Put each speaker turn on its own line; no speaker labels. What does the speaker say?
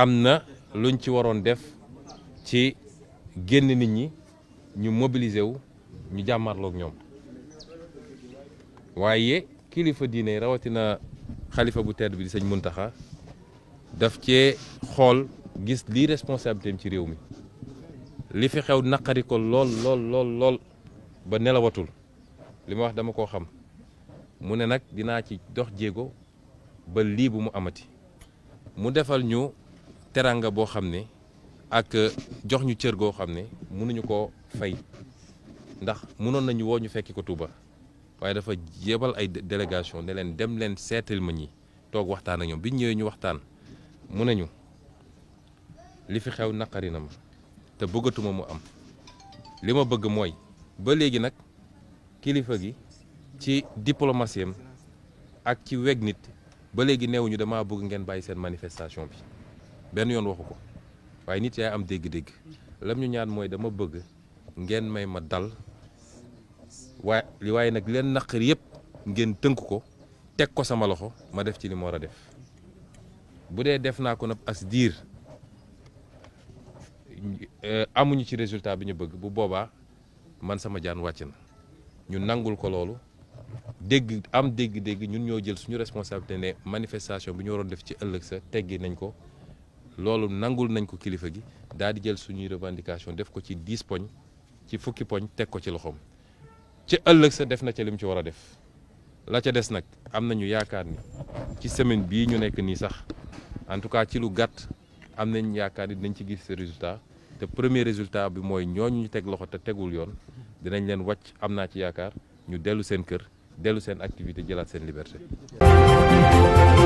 am na lu luñ ci waroon def ci génn nit ñi ñu mobiliser wu ñu jàmmarloog ñoom waaye kilifa diine rawatina xalifa bu tedd bi di sëñ Muntaxa daf cee xool gis lii responsabilité ci réew mi li fi xew naqari ko lool lool lool ba nelawatul li ma wax dama koo xam mu ne nag dinaa ci dox jéego ba lii bu mu amati mu defal ñu teranga boo xam ne ak euh, jox ñu cër goo xam ne mënuñu koo fay ndax mënoon nañu woo ñu fekki ko Touba waaye dafa yebal ay délégation ne leen dem leen seetal ma ñi toog waxtaan ak ñoom bi ñëwee ñu waxtaan mu nañu li fi xew naqari na ma te bëggatuma mu am li ma bëgg mooy ba léegi nag kilifa gi ci diplomatie ak ci weeg nit ba léegi neewuñu dama bëgg ngeen bàyyi seen manifestation bi benn yoon waxu ko waaye nit yaay am dégg-dégg lam ñu ñaan mooy dama bëgg ngeen may ma dal waaye nag leen naqar yëpp ngeen tënk ko teg ko sama loxo ma def ci li ma war a def bu dee def naa ko nag as diir eh, amuñu ci résultat bi ñu bëgg bu boobaa man sama jaan wàcc na ñu nangul ko loolu dégg am dégg-dégg ñun ñoo jël suñu responsabilité ne manifestation bi ñu waroon def ci ëllëg sa teggi nañ ko loolu nangul nañ ko kilifa gi daal di jël suñuy revendication def ko ci dix poñ ci fukki poñ teg ko ci loxoom ci ëllëg sa def na ca lim ci war a def la ca des nag am nañu yaakaar ni ci semaine bii ñu nekk nii sax en tout cas ci lu gàtt am nañ yaakaar ni dinañ ci gis résultat te premier résultat bi mooy ñooñu ñu teg loxo te tegul yoon dinañ leen wàcc am naa ci yaakaar ñu dellu seen kër dellu seen activité jëlaat seen liberté